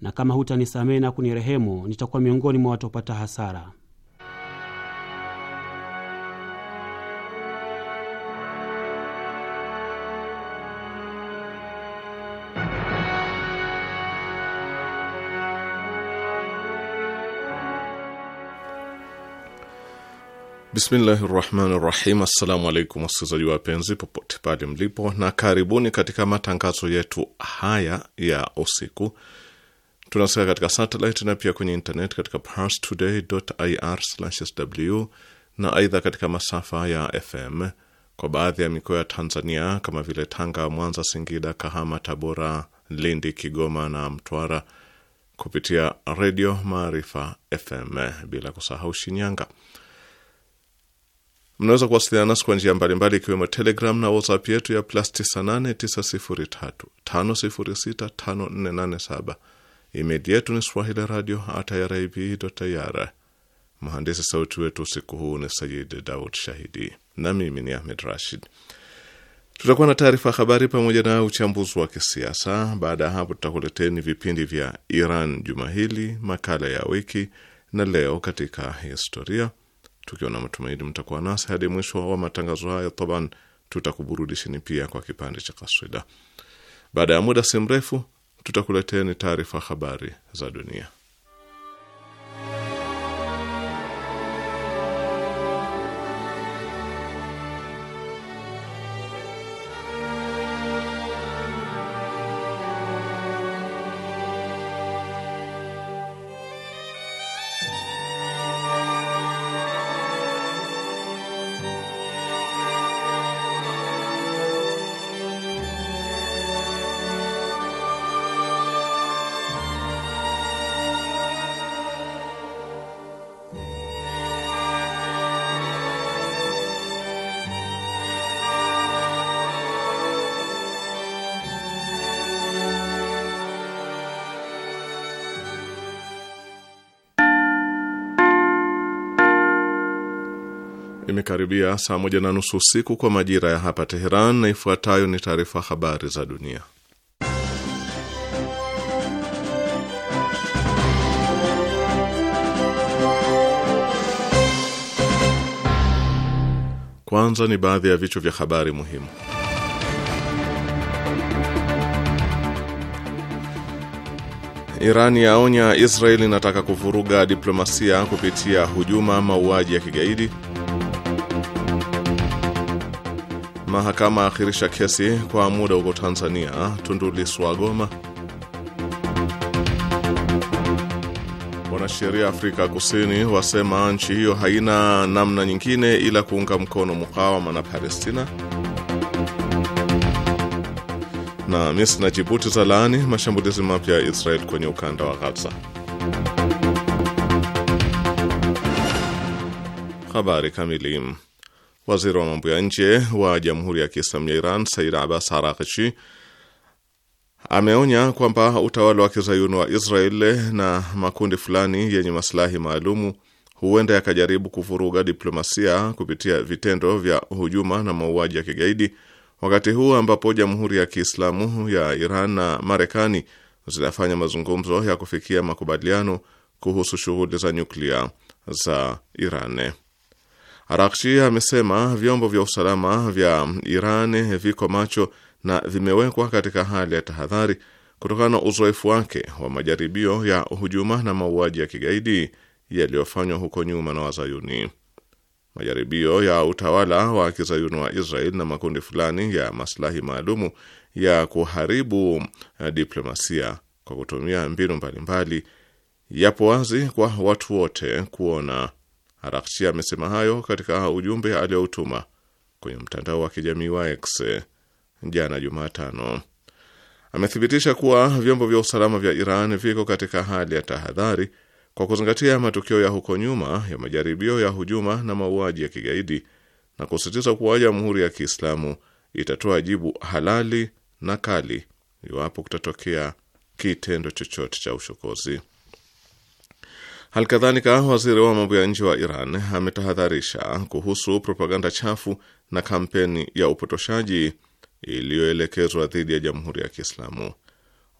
na kama hutanisamehe na kunirehemu nitakuwa miongoni mwa watopata hasara. Bismillahi rahmani rahim. Assalamu alaikum wasikilizaji wapenzi popote pale mlipo, na karibuni katika matangazo yetu haya ya usiku Tunasikia katika satelit na pia kwenye internet katika parstoday.ir/sw na aidha katika masafa ya FM kwa baadhi ya mikoa ya Tanzania kama vile Tanga, Mwanza, Singida, Kahama, Tabora, Lindi, Kigoma na Mtwara kupitia Redio Maarifa FM, bila kusahau Shinyanga. Mnaweza kuwasiliana nasi kwa njia mbalimbali ikiwemo Telegram na WhatsApp yetu ya plus 989035065487 Email yetu ni swahili radio irib.ir. Mhandisi sauti wetu usiku huu ni Sayid Daud Shahidi na mimi ni Ahmed Rashid. Tutakuwa na taarifa habari pamoja na uchambuzi wa kisiasa. Baada ya hapo, tutakuleteni vipindi vya Iran juma hili, makala ya wiki na leo katika historia, tukiwa na matumaini mtakuwa nasi hadi mwisho wa matangazo haya. Taban, tutakuburudisheni pia kwa kipande cha kaswida. Baada ya muda si mrefu tutakuleteni taarifa habari za dunia. Imekaribia saa moja na nusu usiku kwa majira ya hapa Teheran, na ifuatayo ni taarifa habari za dunia. Kwanza ni baadhi ya vichwa vya habari muhimu. Iran yaonya Israeli inataka kuvuruga diplomasia kupitia hujuma, mauaji ya kigaidi. mahakama aakhirisha kesi kwa muda huko Tanzania. Tundu Lissu wagoma. Wanasheria Afrika Kusini wasema nchi hiyo haina namna nyingine ila kuunga mkono mukawama na Palestina. Na Misri na Jibuti laani mashambulizi mapya ya Israel kwenye ukanda wa Gaza. Habari kamili Waziri wa mambo ya nje wa Jamhuri ya Kiislamu ya Iran Said Abbas Araghchi ameonya kwamba utawala wa kizayuni wa israel na makundi fulani yenye masilahi maalumu huenda yakajaribu kuvuruga diplomasia kupitia vitendo vya hujuma na mauaji ya kigaidi, wakati huu ambapo Jamhuri ya Kiislamu ya Iran na Marekani zinafanya mazungumzo ya kufikia makubaliano kuhusu shughuli za nyuklia za Iran. Arakshi amesema vyombo vya usalama vya Iran viko macho na vimewekwa katika hali ya tahadhari kutokana na uzoefu wake wa majaribio ya hujuma na mauaji ya kigaidi yaliyofanywa huko nyuma na Wazayuni. Majaribio ya utawala wa kizayuni wa Israel na makundi fulani ya maslahi maalumu ya kuharibu eh, diplomasia kwa kutumia mbinu mbalimbali yapo wazi kwa watu wote kuona Arakshi amesema hayo katika ujumbe aliyoutuma kwenye mtandao wa kijamii wa X jana Jumatano. Amethibitisha kuwa vyombo vya usalama vya Iran viko katika hali ya tahadhari kwa kuzingatia matukio ya huko nyuma ya majaribio ya hujuma na mauaji ya kigaidi na kusisitiza kuwa Jamhuri ya Kiislamu itatoa jibu halali na kali iwapo kutatokea kitendo chochote cha ushokozi. Halikadhalika, waziri wa mambo ya nje wa Iran ametahadharisha kuhusu propaganda chafu na kampeni ya upotoshaji iliyoelekezwa dhidi ya Jamhuri ya Kiislamu.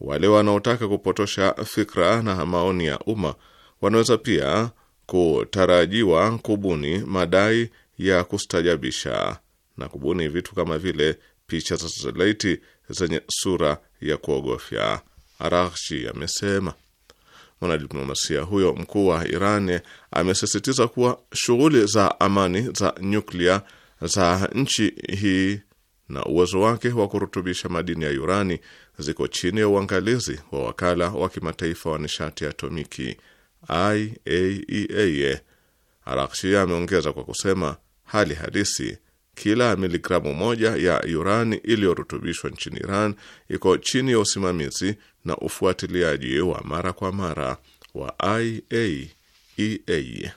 Wale wanaotaka kupotosha fikra na maoni ya umma wanaweza pia kutarajiwa kubuni madai ya kustajabisha na kubuni vitu kama vile picha za satelaiti zenye sura ya kuogofya, Araghchi amesema. Mwanadiplomasia huyo mkuu wa Iran amesisitiza kuwa shughuli za amani za nyuklia za nchi hii na uwezo wake wa kurutubisha madini ya urani ziko chini ya uangalizi wa wakala wa kimataifa wa nishati ya atomiki IAEA. Araghchi ameongeza kwa kusema hali halisi kila miligramu moja ya urani iliyorutubishwa nchini Iran iko chini ya usimamizi na ufuatiliaji wa mara kwa mara wa IAEA. E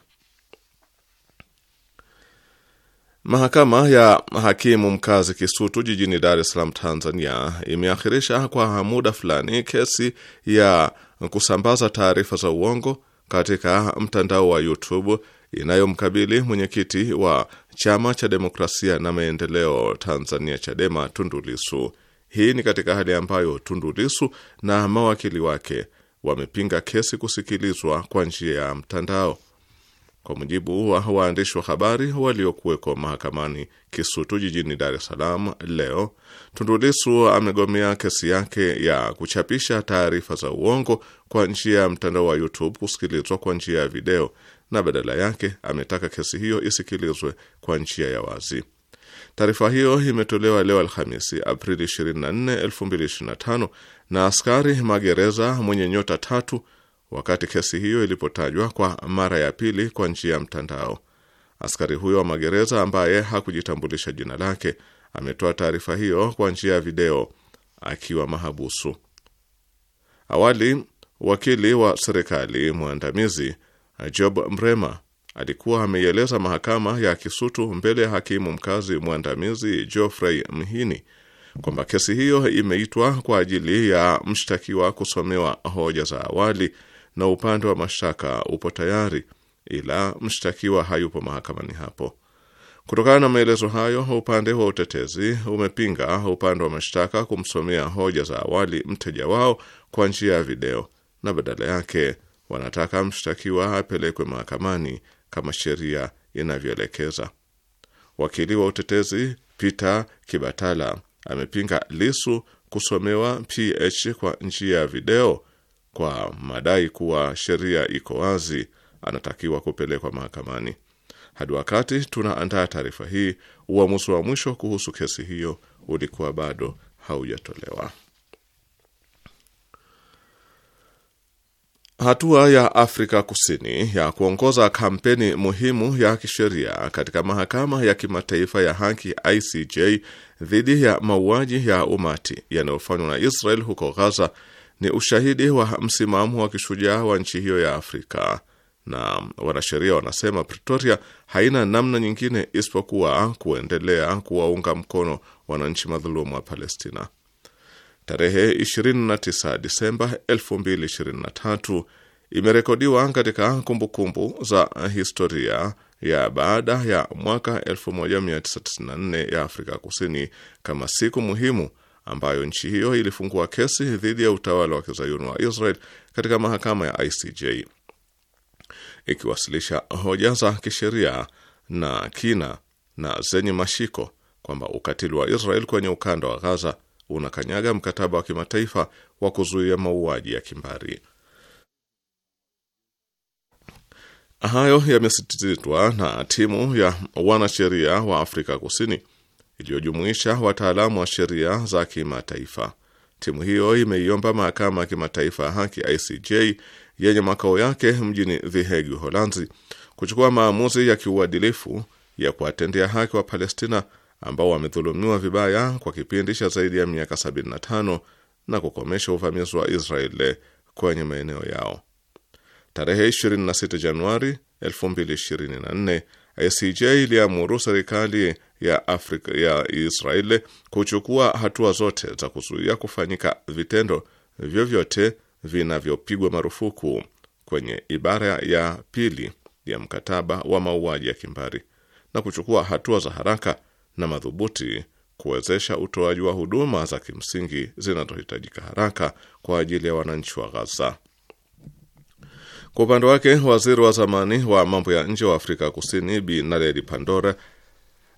Mahakama ya hakimu mkazi Kisutu jijini Dar es Salaam, Tanzania, imeakhirisha kwa muda fulani kesi ya kusambaza taarifa za uongo katika mtandao wa YouTube inayomkabili mwenyekiti wa Chama cha Demokrasia na Maendeleo Tanzania, Chadema, Tundu Hii ni katika hali ambayo Tundu na mawakili wake wamepinga kesi kusikilizwa kwa njia ya mtandao. Kwa mujibu wa waandishi wa habari waliokuweko mahakamani Kisutu jijini Dar es Salaam leo, tundulisu amegomea kesi yake ya kuchapisha taarifa za uongo kwa njia ya mtandao wa YouTube kusikilizwa kwa njia ya video na badala yake ametaka kesi hiyo isikilizwe kwa njia ya wazi. Taarifa hiyo imetolewa leo Alhamisi, Aprili 24, 2025 na askari magereza mwenye nyota tatu wakati kesi hiyo ilipotajwa kwa mara ya pili kwa njia ya mtandao. Askari huyo wa magereza ambaye hakujitambulisha jina lake ametoa taarifa hiyo kwa njia ya video akiwa mahabusu. Awali wakili wa serikali mwandamizi Job Mrema alikuwa ameieleza mahakama ya Kisutu mbele ya hakimu mkazi mwandamizi Geoffrey Mhini kwamba kesi hiyo imeitwa kwa ajili ya mshtakiwa kusomewa hoja za awali na upande wa mashtaka upo tayari, ila mshtakiwa hayupo mahakamani hapo. Kutokana na maelezo hayo, upande wa utetezi umepinga upande wa mashtaka kumsomea hoja za awali mteja wao kwa njia ya video na badala yake wanataka mshtakiwa apelekwe mahakamani kama sheria inavyoelekeza. Wakili wa utetezi Peter Kibatala amepinga Lisu kusomewa PH kwa njia ya video kwa madai kuwa sheria iko wazi, anatakiwa kupelekwa mahakamani. Hadi wakati tunaandaa taarifa hii, uamuzi wa mwisho kuhusu kesi hiyo ulikuwa bado haujatolewa. Hatua ya Afrika Kusini ya kuongoza kampeni muhimu ya kisheria katika mahakama ya kimataifa ya haki ICJ dhidi ya mauaji ya umati yanayofanywa na Israel huko Gaza ni ushahidi wa msimamo wa kishujaa wa nchi hiyo ya Afrika, na wanasheria wanasema Pretoria haina namna nyingine isipokuwa kuendelea kuwaunga mkono wananchi madhulumu wa Palestina tarehe 29 Disemba 2023 imerekodiwa katika kumbukumbu -kumbu za historia ya baada ya mwaka 1994 ya Afrika Kusini kama siku muhimu ambayo nchi hiyo ilifungua kesi dhidi ya utawala wa kizayuni wa Israel katika mahakama ya ICJ ikiwasilisha hoja za kisheria na kina na zenye mashiko kwamba ukatili wa Israel kwenye ukanda wa Gaza unakanyaga mkataba wa kimataifa wa kuzuia mauaji ya kimbari. Hayo yamesisitizwa na timu ya wanasheria wa Afrika Kusini iliyojumuisha wataalamu wa sheria za kimataifa. Timu hiyo imeiomba mahakama ya kimataifa ya haki ICJ yenye makao yake mjini The Hague, Uholanzi, kuchukua maamuzi ya kiuadilifu ya kuwatendea haki wa Palestina ambao wamedhulumiwa vibaya kwa kipindi cha zaidi ya miaka 75 na kukomesha uvamizi wa Israeli kwenye maeneo yao. Tarehe 26 Januari 2024 ICJ iliamuru serikali ya Afrika ya Israeli kuchukua hatua zote za kuzuia kufanyika vitendo vyovyote vinavyopigwa marufuku kwenye ibara ya pili ya mkataba wa mauaji ya kimbari na kuchukua hatua za haraka na madhubuti kuwezesha utoaji wa huduma za kimsingi zinazohitajika haraka kwa ajili ya wananchi wa Gaza. Kwa upande wake, waziri wa zamani wa mambo ya nje wa Afrika Kusini Bi Naledi Pandor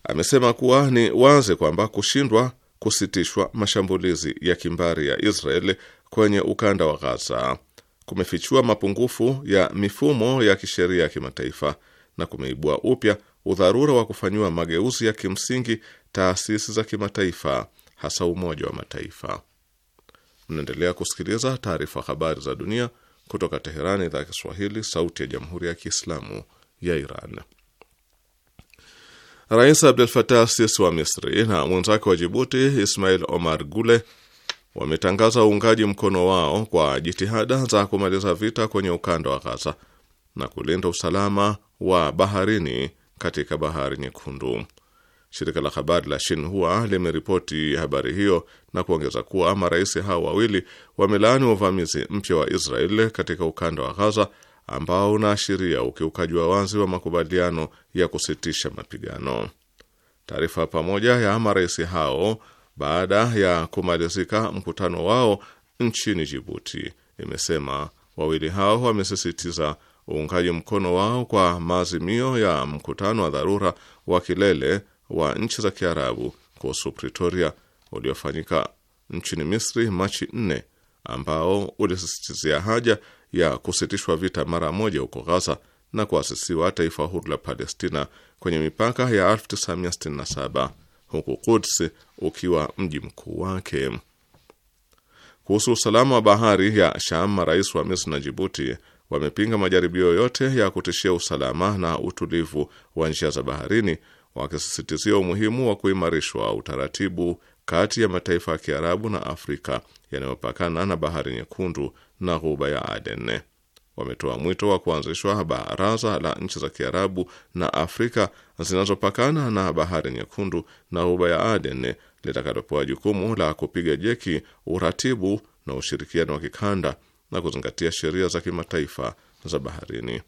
amesema kuwa ni wazi kwamba kushindwa kusitishwa mashambulizi ya kimbari ya Israel kwenye ukanda wa Gaza kumefichua mapungufu ya mifumo ya kisheria ya kimataifa na kumeibua upya udharura wa kufanyiwa mageuzi ya kimsingi taasisi za kimataifa, hasa Umoja wa Mataifa. Mnaendelea kusikiliza taarifa habari za dunia kutoka Teherani, idhaa ya Kiswahili, sauti ya jamhuri ya kiislamu ya Iran. Rais Abdel Fattah Sisi wa Misri na mwenzake wa Jibuti Ismail Omar Gule wametangaza uungaji mkono wao kwa jitihada za kumaliza vita kwenye ukanda wa Ghaza na kulinda usalama wa baharini katika bahari Nyekundu. Shirika la habari la Shinhua limeripoti habari hiyo na kuongeza kuwa marais hao wawili wamelaani uvamizi mpya wa Israel katika ukanda wa Ghaza ambao unaashiria ukiukaji wa wazi wa makubaliano ya kusitisha mapigano. Taarifa pamoja ya marais hao baada ya kumalizika mkutano wao nchini Jibuti imesema wawili hao wamesisitiza uungaji mkono wao kwa maazimio ya mkutano wa dharura wa kilele wa nchi za Kiarabu kuhusu Pretoria uliofanyika nchini Misri Machi 4 ambao ulisisitizia haja ya kusitishwa vita mara moja huko Gaza na kuasisiwa taifa huru la Palestina kwenye mipaka ya 1967 huku Quds ukiwa mji mkuu wake. Kuhusu usalama wa bahari ya Sham, marais wa Misri na Jibuti wamepinga majaribio yote ya kutishia usalama na utulivu wa njia za baharini, wakisisitizia umuhimu wa kuimarishwa utaratibu kati ya mataifa ya Kiarabu na Afrika yanayopakana na Bahari Nyekundu na Ghuba ya Aden. Wametoa mwito wa kuanzishwa baraza la nchi za Kiarabu na Afrika zinazopakana na Bahari Nyekundu na Ghuba ya Aden litakalopewa jukumu la kupiga jeki uratibu na ushirikiano wa kikanda na kuzingatia sheria za kimataifa za baharini.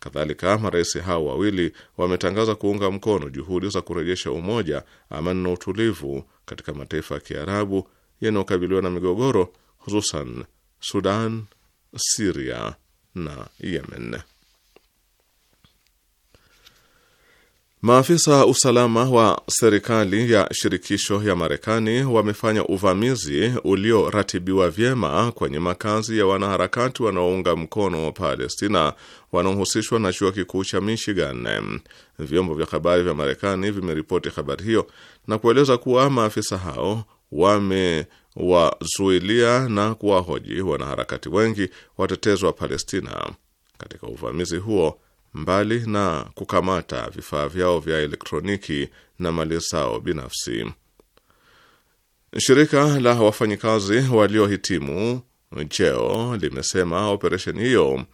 Kadhalika, marais hao wawili wametangaza kuunga mkono juhudi za kurejesha umoja, amani na utulivu katika mataifa ya Kiarabu yanayokabiliwa na migogoro, hususan Sudan, Siria na Yemen. Maafisa usalama wa serikali ya shirikisho ya Marekani wamefanya uvamizi ulioratibiwa vyema kwenye makazi ya wanaharakati wanaounga mkono wa Palestina wanaohusishwa na chuo kikuu cha Michigan. Vyombo vya habari vya Marekani vimeripoti habari hiyo na kueleza kuwa maafisa hao wamewazuilia na kuwahoji wanaharakati wengi watetezwa Palestina katika uvamizi huo mbali na kukamata vifaa vyao vya elektroniki na mali zao binafsi. Shirika la wafanyikazi waliohitimu cheo limesema operesheni hiyo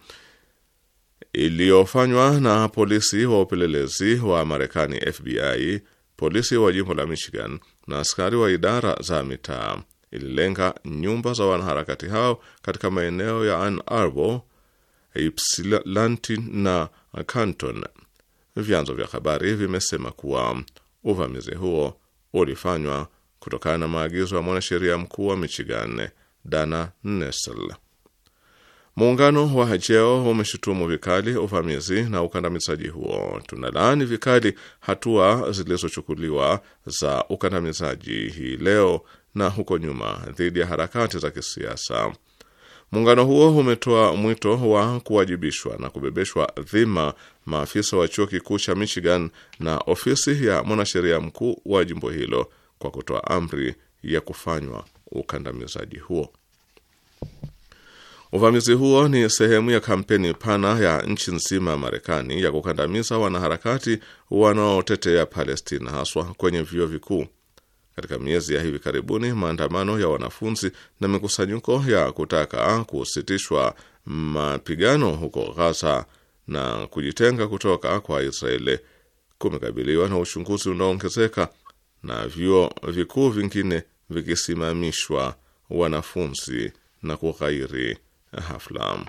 iliyofanywa na polisi wa upelelezi wa Marekani FBI, polisi wa jimbo la Michigan na askari wa idara za mitaa ililenga nyumba za wanaharakati hao katika maeneo ya Ann Arbor, Ypsilanti na Canton. Vyanzo vya habari vimesema kuwa uvamizi huo ulifanywa kutokana na maagizo ya mwanasheria mkuu wa Michigan, Dana Nessel. Muungano wa Hajeo umeshutumu vikali uvamizi na ukandamizaji huo. Tunalaani vikali hatua zilizochukuliwa za ukandamizaji hii leo na huko nyuma dhidi ya harakati za kisiasa Muungano huo umetoa mwito wa kuwajibishwa na kubebeshwa dhima maafisa wa chuo kikuu cha Michigan na ofisi ya mwanasheria mkuu wa jimbo hilo kwa kutoa amri ya kufanywa ukandamizaji huo. Uvamizi huo ni sehemu ya kampeni pana ya nchi nzima ya Marekani ya kukandamiza wanaharakati wanaotetea Palestina, haswa kwenye vyuo vikuu. Katika miezi ya hivi karibuni, maandamano ya wanafunzi na mikusanyiko ya kutaka kusitishwa mapigano huko Ghaza na kujitenga kutoka kwa Israeli kumekabiliwa na uchunguzi unaoongezeka na vyuo vikuu vingine vikisimamishwa wanafunzi na kughairi hafla.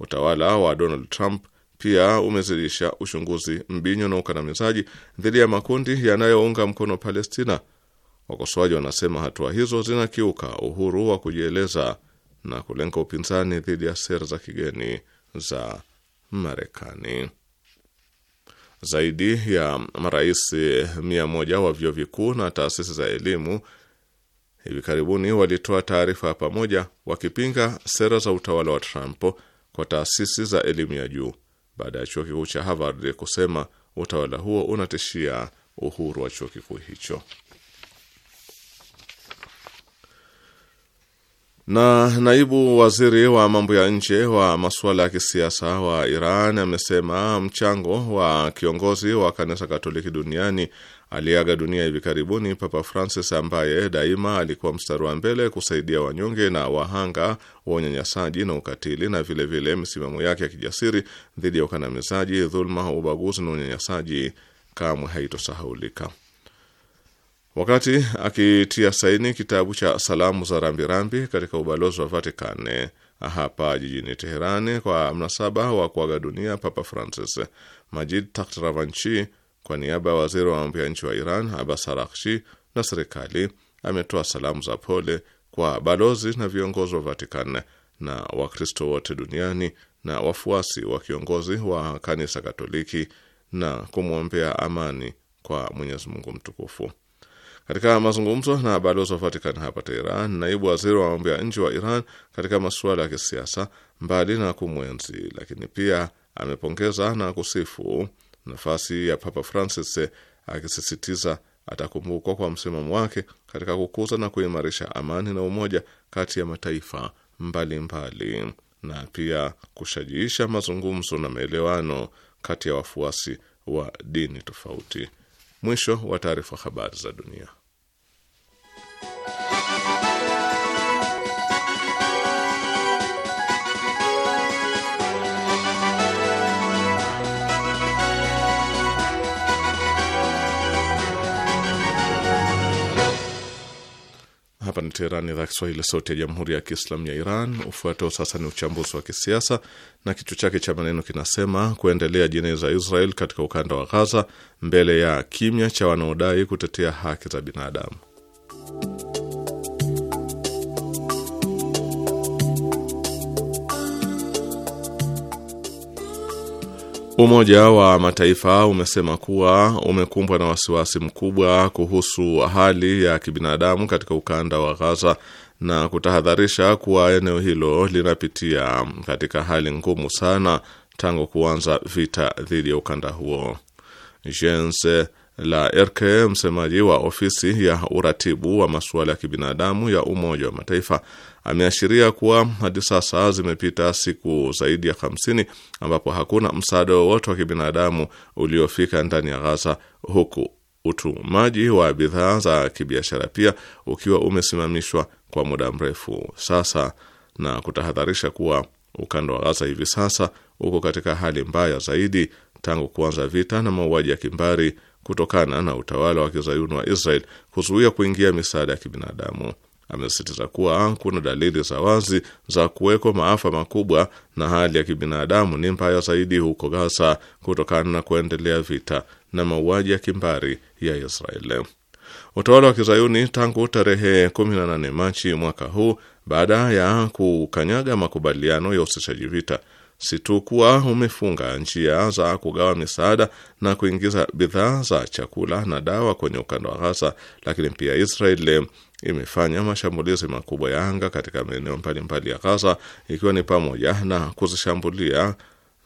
Utawala wa Donald Trump pia umezidisha uchunguzi mbinyo na ukandamizaji dhidi ya makundi yanayounga mkono Palestina. Wakosoaji wanasema hatua hizo zinakiuka uhuru wa kujieleza na kulenga upinzani dhidi ya sera za kigeni za Marekani. Zaidi ya marais mia moja wa vyuo vikuu na taasisi za elimu hivi karibuni walitoa taarifa ya pamoja wakipinga sera za utawala wa Trump kwa taasisi za elimu ya juu baada ya chuo kikuu cha Harvard kusema utawala huo unatishia uhuru wa chuo kikuu hicho. Na naibu waziri wa mambo ya nje wa masuala ya kisiasa wa Iran amesema mchango wa kiongozi wa kanisa Katoliki duniani aliaga dunia hivi karibuni Papa Francis, ambaye daima alikuwa mstari wa mbele kusaidia wanyonge na wahanga wa unyanyasaji na ukatili, na vilevile misimamo yake ya kijasiri dhidi ya ukandamizaji, dhuluma, ubaguzi na unyanyasaji kamwe haitosahaulika. Wakati akitia saini kitabu cha salamu za rambirambi katika ubalozi wa Vatican hapa jijini Teherani kwa mnasaba wa kuaga dunia Papa Francis, Majid Taht Ravanchi kwa niaba ya waziri wa mambo ya nchi wa Iran Abbas Araghchi na serikali ametoa salamu za pole kwa balozi na viongozi wa Vatican na Wakristo wote duniani na wafuasi wa kiongozi wa kanisa Katoliki na kumwombea amani kwa Mwenyezi Mungu mtukufu. Katika mazungumzo na balozi wa Vatican hapa Teheran, naibu waziri wa mambo ya nje wa Iran katika masuala ya kisiasa, mbali na kumwenzi, lakini pia amepongeza na kusifu Nafasi ya Papa Francis eh, akisisitiza atakumbukwa kwa msimamo wake katika kukuza na kuimarisha amani na umoja kati ya mataifa mbalimbali mbali, na pia kushajiisha mazungumzo na maelewano kati ya wafuasi wa dini tofauti. Mwisho wa taarifa. Habari za dunia. Hapa ni Teheran, idhaa Kiswahili, sauti ya jamhuri ya kiislamu ya Iran. Ufuatao sasa ni uchambuzi wa kisiasa na kichwa chake cha maneno kinasema: kuendelea jinai za Israel katika ukanda wa Ghaza mbele ya kimya cha wanaodai kutetea haki za binadamu. Umoja wa Mataifa umesema kuwa umekumbwa na wasiwasi mkubwa kuhusu hali ya kibinadamu katika ukanda wa Gaza na kutahadharisha kuwa eneo hilo linapitia katika hali ngumu sana tangu kuanza vita dhidi ya ukanda huo. Jens Laerke, msemaji wa ofisi ya uratibu wa masuala ya kibinadamu ya Umoja wa Mataifa, Ameashiria kuwa hadi sasa zimepita siku zaidi ya 50 ambapo hakuna msaada wowote wa kibinadamu uliofika ndani ya Ghaza, huku utumaji wa bidhaa za kibiashara pia ukiwa umesimamishwa kwa muda mrefu sasa, na kutahadharisha kuwa ukanda wa Ghaza hivi sasa uko katika hali mbaya zaidi tangu kuanza vita na mauaji ya kimbari kutokana na utawala wa kizayuni wa Israel kuzuia kuingia misaada ya kibinadamu amesisitiza kuwa kuna dalili za wazi za kuwekwa maafa makubwa na hali ya kibinadamu ni mbaya zaidi huko Gaza kutokana na kuendelea vita na mauaji ya kimbari ya Israeli. Utawala wa kizayuni tangu tarehe 18 Machi mwaka huu, baada ya kukanyaga makubaliano ya usitishaji vita, si tu kuwa umefunga njia za kugawa misaada na kuingiza bidhaa za chakula na dawa kwenye ukanda wa Gaza, lakini pia Israeli imefanya mashambulizi makubwa ya anga katika maeneo mbalimbali ya Gaza, ikiwa ni pamoja na kuzishambulia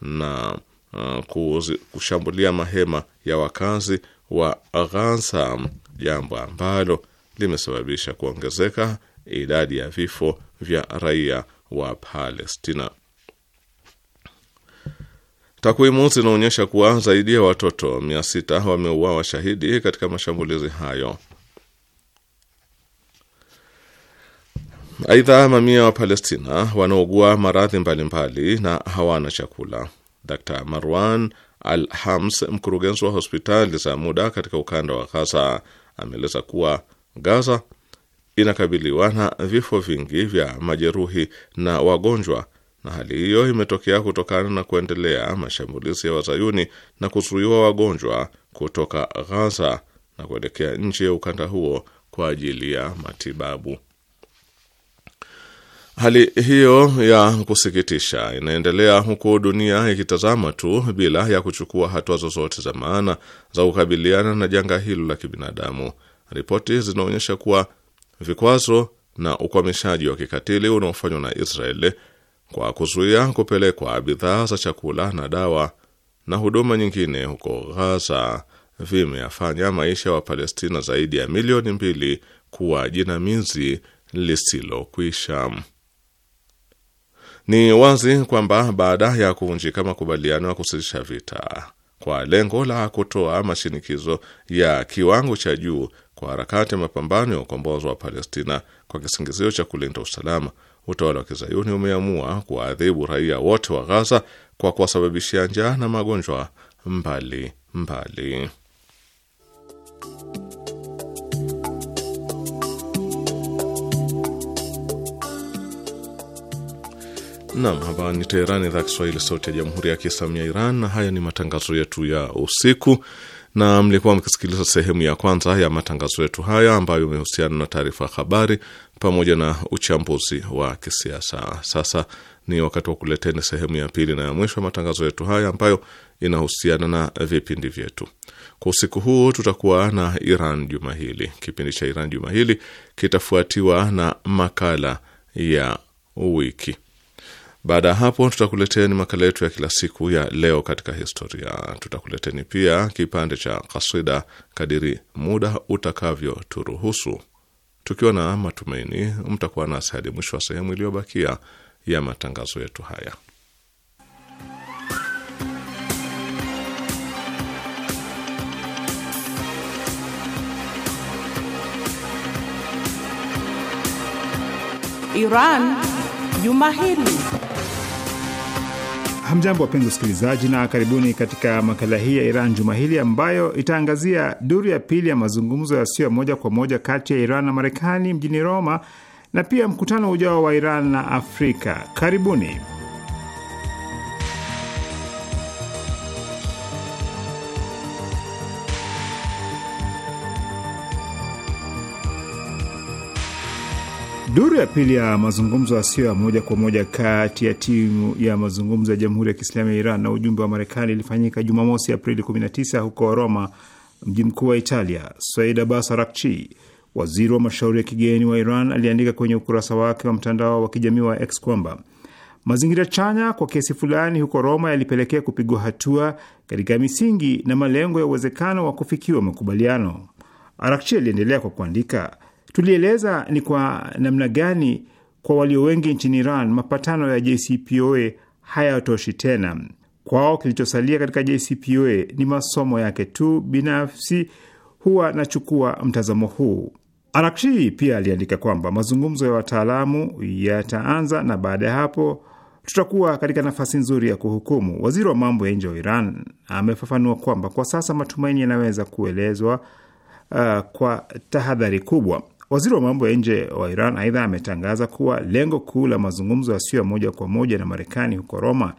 na uh, kuzi, kushambulia mahema ya wakazi wa Gaza, jambo ambalo limesababisha kuongezeka idadi ya vifo vya raia wa Palestina. Takwimu zinaonyesha kuwa zaidi ya watoto mia sita wameuawa shahidi katika mashambulizi hayo. Aidha, mamia wa Palestina wanaogua maradhi mbalimbali na hawana chakula. Dr Marwan Al Hams, mkurugenzi wa hospitali za muda katika ukanda wa Gaza, ameeleza kuwa Gaza inakabiliwa na vifo vingi vya majeruhi na wagonjwa, na hali hiyo imetokea kutokana na kuendelea mashambulizi ya wazayuni na kuzuiwa wagonjwa kutoka Gaza na kuelekea nje ya ukanda huo kwa ajili ya matibabu. Hali hiyo ya kusikitisha inaendelea huku dunia ikitazama tu bila ya kuchukua hatua zozote za maana za kukabiliana na janga hilo la kibinadamu. Ripoti zinaonyesha kuwa vikwazo na ukwamishaji wa kikatili unaofanywa na Israeli kwa kuzuia kupelekwa bidhaa za chakula na dawa na huduma nyingine huko Gaza vimeyafanya maisha ya Wapalestina zaidi ya milioni mbili kuwa jinamizi lisilokwisha. Ni wazi kwamba baada ya kuvunjika makubaliano ya kusitisha vita kwa lengo la kutoa mashinikizo ya kiwango cha juu kwa harakati ya mapambano ya ukombozi wa Palestina kwa kisingizio cha kulinda usalama, utawala wa kizayuni umeamua kuwaadhibu raia wote wa Ghaza kwa kuwasababishia njaa na magonjwa mbali mbali. Nam, hapa ni Teherani, idhaa Kiswahili, sauti ya jamhuri ya kiislamu ya Iran, na haya ni matangazo yetu ya usiku, na mlikuwa mkisikiliza sehemu ya kwanza ya matangazo yetu haya ambayo imehusiana na taarifa ya habari pamoja na uchambuzi wa kisiasa. Sasa ni wakati wa kuleteni sehemu ya pili na ya mwisho ya matangazo yetu haya ambayo inahusiana na vipindi vyetu kwa usiku huu. Tutakuwa na Iran juma hili, kipindi cha Iran juma hili kitafuatiwa na makala ya wiki baada ya hapo, tutakuleteni makala yetu ya kila siku ya leo katika historia. Tutakuleteni pia kipande cha kasida kadiri muda utakavyoturuhusu, tukiwa na matumaini mtakuwa nasi hadi mwisho wa sehemu iliyobakia ya matangazo yetu haya. Iran Juma hili Hamjambo, wapenzi wasikilizaji, na karibuni katika makala hii ya Iran juma hili ambayo itaangazia duru ya pili ya mazungumzo yasiyo moja kwa moja kati ya Iran na Marekani mjini Roma na pia mkutano ujao wa Iran na Afrika. Karibuni. Duru ya pili ya mazungumzo yasiyo ya moja kwa moja kati ya timu ya mazungumzo ya Jamhuri ya Kiislamu ya Iran na ujumbe wa Marekani ilifanyika Jumamosi, Aprili 19 huko Roma, mji mkuu wa Italia. Said Abbas Arakchi, waziri wa mashauri ya kigeni wa Iran, aliandika kwenye ukurasa wake wa mtandao wa kijamii wa X kwamba mazingira chanya kwa kesi fulani huko Roma yalipelekea kupigwa hatua katika misingi na malengo ya uwezekano wa kufikiwa makubaliano. Arakchi aliendelea kwa kuandika Tulieleza ni kwa namna gani kwa walio wengi nchini Iran mapatano ya JCPOA hayatoshi tena. Kwao kilichosalia katika JCPOA ni masomo yake tu. Binafsi huwa nachukua mtazamo huu. Arakshi pia aliandika kwamba mazungumzo ya wataalamu yataanza na baada ya hapo tutakuwa katika nafasi nzuri ya kuhukumu. Waziri wa mambo ya nje wa Iran amefafanua kwamba kwa sasa matumaini yanaweza kuelezwa uh, kwa tahadhari kubwa. Waziri wa mambo ya nje wa Iran aidha ametangaza kuwa lengo kuu la mazungumzo yasiyo ya moja kwa moja na Marekani huko Roma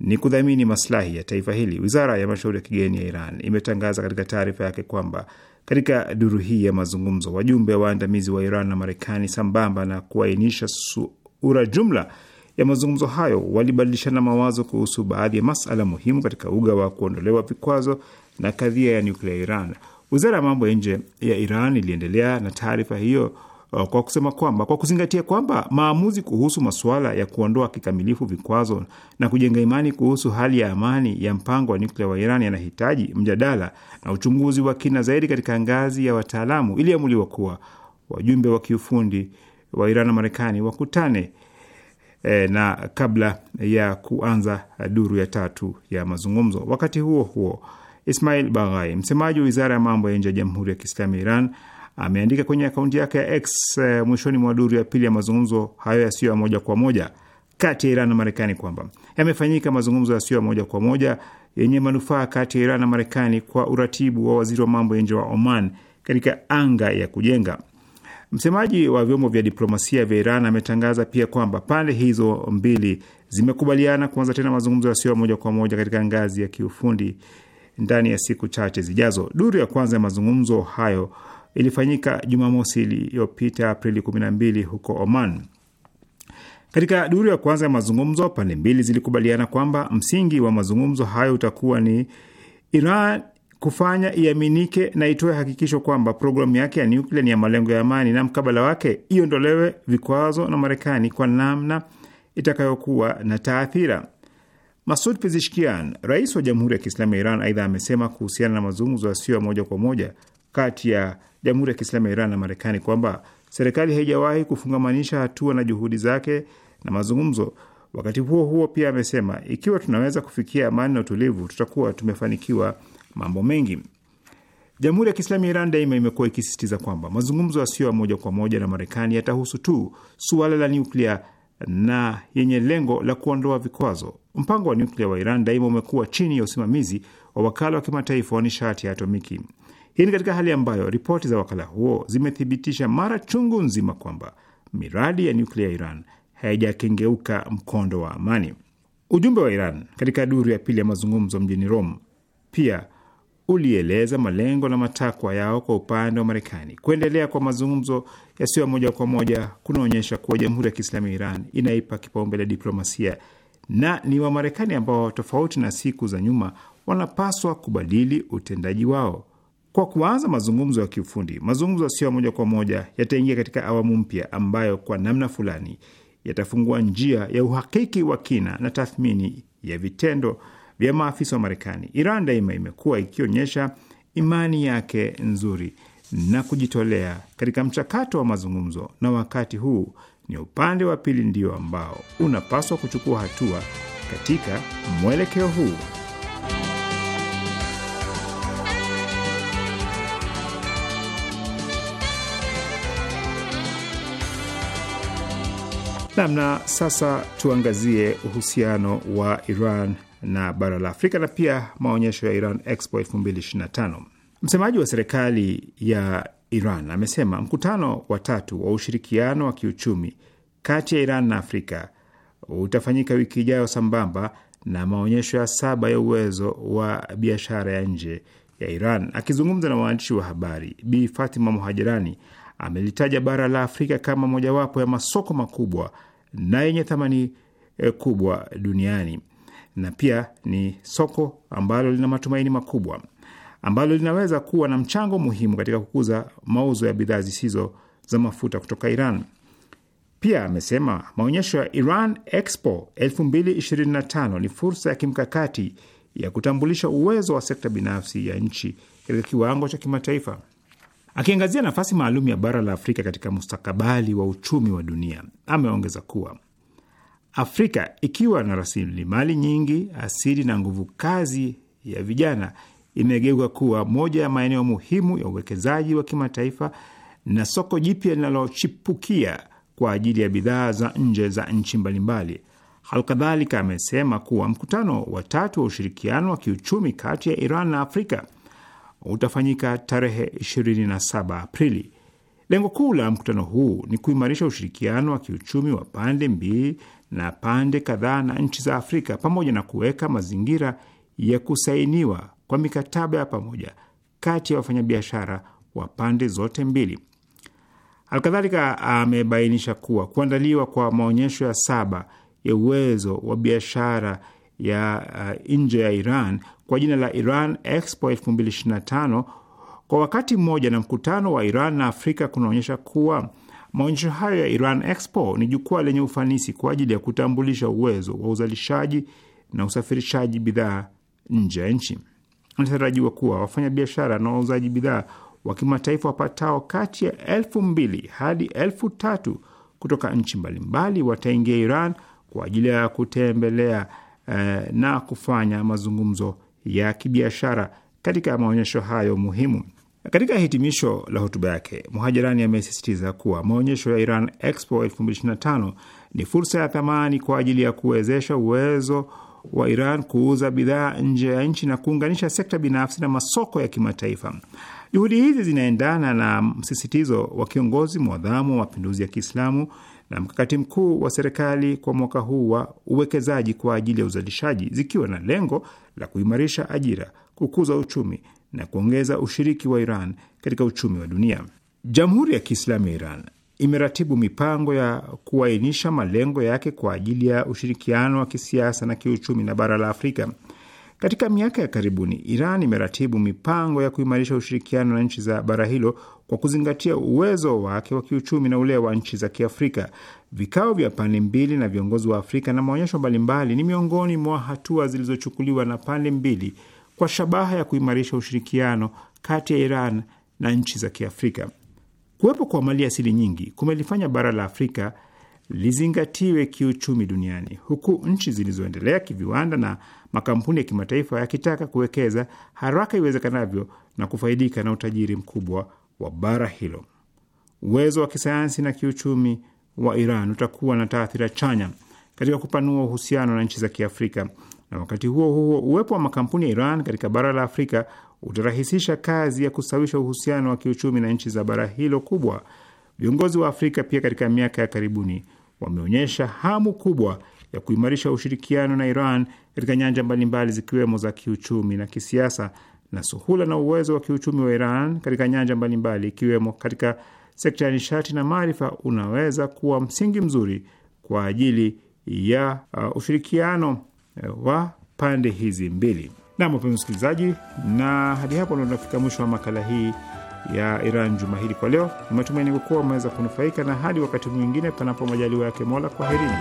ni kudhamini maslahi ya taifa hili. Wizara ya mashauri ya kigeni ya Iran imetangaza katika taarifa yake kwamba katika duru hii ya mazungumzo wajumbe waandamizi wa Iran na Marekani, sambamba na kuainisha sura jumla ya mazungumzo hayo, walibadilishana mawazo kuhusu baadhi ya masala muhimu katika uga wa kuondolewa vikwazo na kadhia ya nyuklia ya Iran. Wizara ya mambo ya nje ya Iran iliendelea na taarifa hiyo uh, kwa kusema kwamba kwa kuzingatia kwamba maamuzi kuhusu masuala ya kuondoa kikamilifu vikwazo na kujenga imani kuhusu hali ya amani ya mpango wa nyuklia wa Iran yanahitaji mjadala na uchunguzi wa kina zaidi katika ngazi ya wataalamu, iliamuliwa kuwa wajumbe wa kiufundi wa Iran na Marekani wakutane e, na kabla ya kuanza duru ya tatu ya mazungumzo. Wakati huo huo Ismail Baghai, msemaji wa wizara ya mambo ya nje ya Jamhuri ya Kiislamu ya Iran, ameandika kwenye akaunti yake ya X eh, mwishoni mwa duru ya pili ya mazungumzo hayo yasiyo ya moja kwa moja kati ya Iran na Marekani kwamba yamefanyika mazungumzo yasiyo ya moja kwa moja yenye manufaa kati ya Iran na Marekani kwa uratibu wa waziri wa mambo ya nje wa Oman katika anga ya kujenga. Msemaji wa vyombo vya diplomasia vya Iran ametangaza pia kwamba pande hizo mbili zimekubaliana kuanza tena mazungumzo yasiyo ya moja kwa moja katika ngazi ya kiufundi ndani ya siku chache zijazo. Duru ya kwanza ya mazungumzo hayo ilifanyika Jumamosi iliyopita Aprili 12 huko Oman. Katika duru ya kwanza ya mazungumzo, pande mbili zilikubaliana kwamba msingi wa mazungumzo hayo utakuwa ni Iran kufanya iaminike na itoe hakikisho kwamba programu yake ya nyuklia ni ya malengo ya amani na mkabala wake iondolewe vikwazo na Marekani kwa namna itakayokuwa na taathira. Masud Pezishkian, rais wa Jamhuri ya Kiislamu ya Iran, aidha amesema kuhusiana na mazungumzo yasiyo ya moja kwa moja kati ya Jamhuri ya Kiislamu ya Iran na Marekani kwamba serikali haijawahi kufungamanisha hatua na juhudi zake na mazungumzo. Wakati huo huo, pia amesema ikiwa tunaweza kufikia amani na utulivu, tutakuwa tumefanikiwa mambo mengi. Jamhuri ya Kiislamu ya Iran daima imekuwa ikisisitiza kwamba mazungumzo yasiyo ya moja kwa moja na Marekani yatahusu tu suala la nyuklia na yenye lengo la kuondoa vikwazo. Mpango wa nyuklia wa Iran daima umekuwa chini ya usimamizi wa wakala wa kimataifa wa nishati ya atomiki. Hii ni katika hali ambayo ripoti za wakala huo zimethibitisha mara chungu nzima kwamba miradi ya nyuklia ya Iran haijakengeuka mkondo wa amani. Ujumbe wa Iran katika duru ya pili ya mazungumzo mjini Rome pia ulieleza malengo na matakwa yao kwa upande wa Marekani. Kuendelea kwa mazungumzo yasiyo moja kwa moja kunaonyesha kuwa Jamhuri ya Kiislamu ya Iran inaipa kipaumbele diplomasia na ni Wamarekani ambao tofauti na siku za nyuma wanapaswa kubadili utendaji wao kwa kuanza mazungumzo ya kiufundi. Mazungumzo sio ya moja kwa moja yataingia katika awamu mpya ambayo kwa namna fulani yatafungua njia ya uhakiki wa kina na tathmini ya vitendo vya maafisa wa Marekani. Iran daima imekuwa ikionyesha imani yake nzuri na kujitolea katika mchakato wa mazungumzo, na wakati huu ni upande wa pili ndio ambao unapaswa kuchukua hatua katika mwelekeo huu. Namna sasa tuangazie uhusiano wa Iran na bara la Afrika na pia maonyesho ya Iran Expo 2025. Msemaji wa serikali ya Iran amesema mkutano wa tatu wa ushirikiano wa kiuchumi kati ya Iran na Afrika utafanyika wiki ijayo sambamba na maonyesho ya saba ya uwezo wa biashara ya nje ya Iran. Akizungumza na waandishi wa habari, Bi Fatima Muhajirani amelitaja bara la Afrika kama mojawapo ya masoko makubwa na yenye thamani e, kubwa duniani na pia ni soko ambalo lina matumaini makubwa ambalo linaweza kuwa na mchango muhimu katika kukuza mauzo ya bidhaa zisizo za mafuta kutoka Iran. Pia amesema maonyesho ya Iran Expo 2025 ni fursa ya kimkakati ya kutambulisha uwezo wa sekta binafsi ya nchi katika kiwango cha kimataifa. Akiangazia nafasi maalum ya bara la Afrika katika mustakabali wa uchumi wa dunia, ameongeza kuwa Afrika ikiwa na rasilimali nyingi asili na nguvu kazi ya vijana imegeuka kuwa moja ya maeneo muhimu ya uwekezaji wa kimataifa na soko jipya linalochipukia kwa ajili ya bidhaa za nje za nchi mbalimbali. Halkadhalika amesema kuwa mkutano wa tatu wa ushirikiano wa kiuchumi kati ya Iran na Afrika utafanyika tarehe 27 Aprili. Lengo kuu la mkutano huu ni kuimarisha ushirikiano wa kiuchumi wa pande mbili na pande kadhaa na nchi za Afrika pamoja na kuweka mazingira ya kusainiwa kwa mikataba ya pamoja kati ya wafanyabiashara wa pande zote mbili. Alkadhalika, amebainisha kuwa kuandaliwa kwa maonyesho ya saba ya uwezo wa biashara ya uh, nje ya Iran kwa jina la Iran Expo 2025 kwa wakati mmoja na mkutano wa Iran na Afrika kunaonyesha kuwa maonyesho hayo ya Iran Expo ni jukwaa lenye ufanisi kwa ajili ya kutambulisha uwezo wa uzalishaji na usafirishaji bidhaa nje ya nchi. Inatarajiwa kuwa wafanyabiashara na wauzaji bidhaa wa kimataifa wapatao kati ya elfu mbili hadi elfu tatu kutoka nchi mbalimbali wataingia Iran kwa ajili ya kutembelea eh, na kufanya mazungumzo ya kibiashara katika maonyesho hayo muhimu. Katika hitimisho la hotuba yake, Muhajirani amesisitiza ya kuwa maonyesho ya Iran Expo 2025 ni fursa ya thamani kwa ajili ya kuwezesha uwezo wa Iran kuuza bidhaa nje ya nchi na kuunganisha sekta binafsi na masoko ya kimataifa. Juhudi hizi zinaendana na msisitizo wa kiongozi mwadhamu wa mapinduzi ya Kiislamu na mkakati mkuu wa serikali kwa mwaka huu wa uwekezaji kwa ajili ya uzalishaji, zikiwa na lengo la kuimarisha ajira, kukuza uchumi na kuongeza ushiriki wa Iran katika uchumi wa dunia. Jamhuri ya Kiislamu ya Iran imeratibu mipango ya kuainisha malengo yake kwa ajili ya ushirikiano wa kisiasa na kiuchumi na bara la Afrika. Katika miaka ya karibuni, Iran imeratibu mipango ya kuimarisha ushirikiano na nchi za bara hilo kwa kuzingatia uwezo wake wa kiuchumi na ule wa nchi za Kiafrika. Vikao vya pande mbili na viongozi wa Afrika na maonyesho mbalimbali ni miongoni mwa hatua zilizochukuliwa na pande mbili kwa shabaha ya kuimarisha ushirikiano kati ya Iran na nchi za Kiafrika. Kuwepo kwa mali asili nyingi kumelifanya bara la Afrika lizingatiwe kiuchumi duniani huku nchi zilizoendelea kiviwanda na makampuni ya kimataifa yakitaka kuwekeza haraka iwezekanavyo na kufaidika na utajiri mkubwa wa bara hilo. Uwezo wa kisayansi na kiuchumi wa Iran utakuwa na taathira chanya katika kupanua uhusiano na nchi za Kiafrika na wakati huo huo uwepo wa makampuni ya Iran katika bara la Afrika utarahisisha kazi ya kusawisha uhusiano wa kiuchumi na nchi za bara hilo kubwa. Viongozi wa Afrika pia katika miaka ya karibuni wameonyesha hamu kubwa ya kuimarisha ushirikiano na Iran katika nyanja mbalimbali zikiwemo za kiuchumi na kisiasa, na suhula na uwezo wa kiuchumi wa Iran katika nyanja mbalimbali ikiwemo katika sekta ya nishati na maarifa unaweza kuwa msingi mzuri kwa ajili ya uh, ushirikiano wa pande hizi mbili. Nam, wapenzi msikilizaji, na hadi hapo ndo tunafika mwisho wa makala hii ya Iran juma hili kwa leo. Ni matumaini kuwa umeweza kunufaika, na hadi wakati mwingine, panapo majaliwa yake Mola, kwaherini.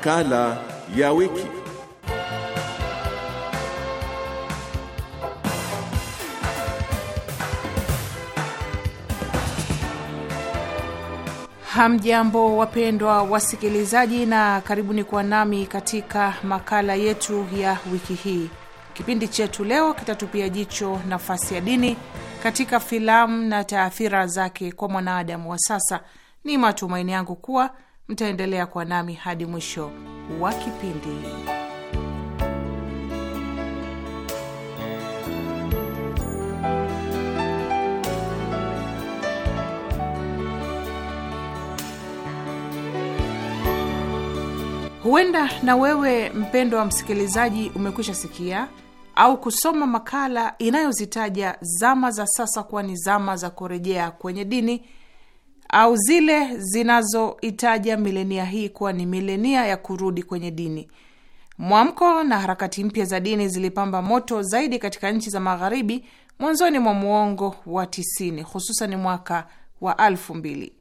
makala ya wiki. Hamjambo, wapendwa wasikilizaji, na karibuni kwa nami katika makala yetu ya wiki hii. Kipindi chetu leo kitatupia jicho nafasi ya dini katika filamu na taathira zake kwa mwanadamu wa sasa. Ni matumaini yangu kuwa mtaendelea kuwa nami hadi mwisho wa kipindi. Huenda na wewe mpendo wa msikilizaji umekwisha sikia au kusoma makala inayozitaja zama za sasa kuwa ni zama za kurejea kwenye dini au zile zinazoitaja milenia hii kuwa ni milenia ya kurudi kwenye dini. Mwamko na harakati mpya za dini zilipamba moto zaidi katika nchi za magharibi mwanzoni mwa muongo wa tisini, hususan mwaka wa alfu mbili.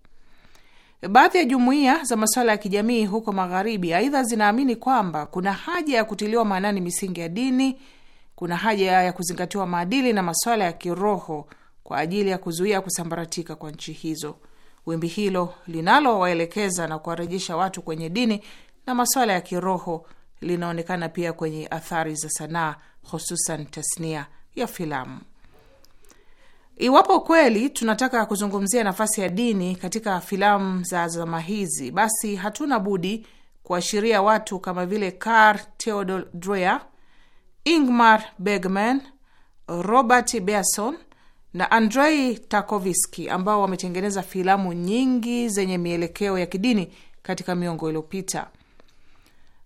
Baadhi ya jumuiya za masuala ya kijamii huko magharibi aidha zinaamini kwamba kuna haja ya kutiliwa maanani misingi ya dini, kuna haja ya kuzingatiwa maadili na masuala ya kiroho kwa ajili ya kuzuia kusambaratika kwa nchi hizo. Wimbi hilo linalowaelekeza na kuwarejesha watu kwenye dini na masuala ya kiroho linaonekana pia kwenye athari za sanaa, hususan tasnia ya filamu. Iwapo kweli tunataka kuzungumzia nafasi ya dini katika filamu za zama hizi, basi hatuna budi kuashiria watu kama vile Karl Theodor Dreyer, Ingmar Bergman, Robert Bresson na Andrei Tarkovsky ambao wametengeneza filamu nyingi zenye mielekeo ya kidini katika miongo iliyopita.